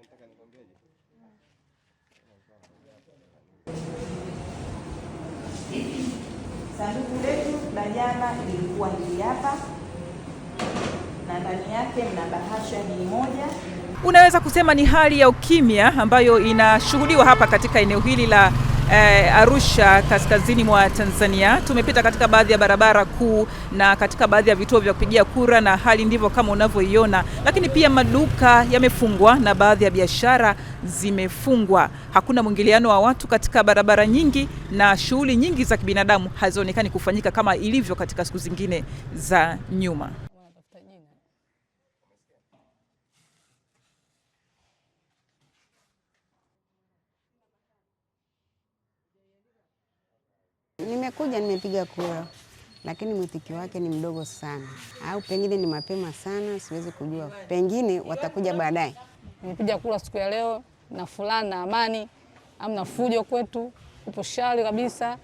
nataka nikwambieje? Sanduku letu la jana lilikuwa hili hapa, na ndani yake mna bahasha mili moja. Unaweza kusema ni hali ya ukimya ambayo inashuhudiwa hapa katika eneo hili la eh, Arusha kaskazini mwa Tanzania. Tumepita katika baadhi ya barabara kuu na katika baadhi ya vituo vya kupigia kura, na hali ndivyo kama unavyoiona, lakini pia maduka yamefungwa na baadhi ya biashara zimefungwa. Hakuna mwingiliano wa watu katika barabara nyingi, na shughuli nyingi za kibinadamu hazionekani kufanyika kama ilivyo katika siku zingine za nyuma. nimekuja nimepiga kura, lakini mwitiki wake ni mdogo sana, au pengine ni mapema sana, siwezi kujua. Pengine watakuja baadaye. Nimepiga kura siku ya leo na furaha na amani, amna fujo kwetu, upo shari kabisa.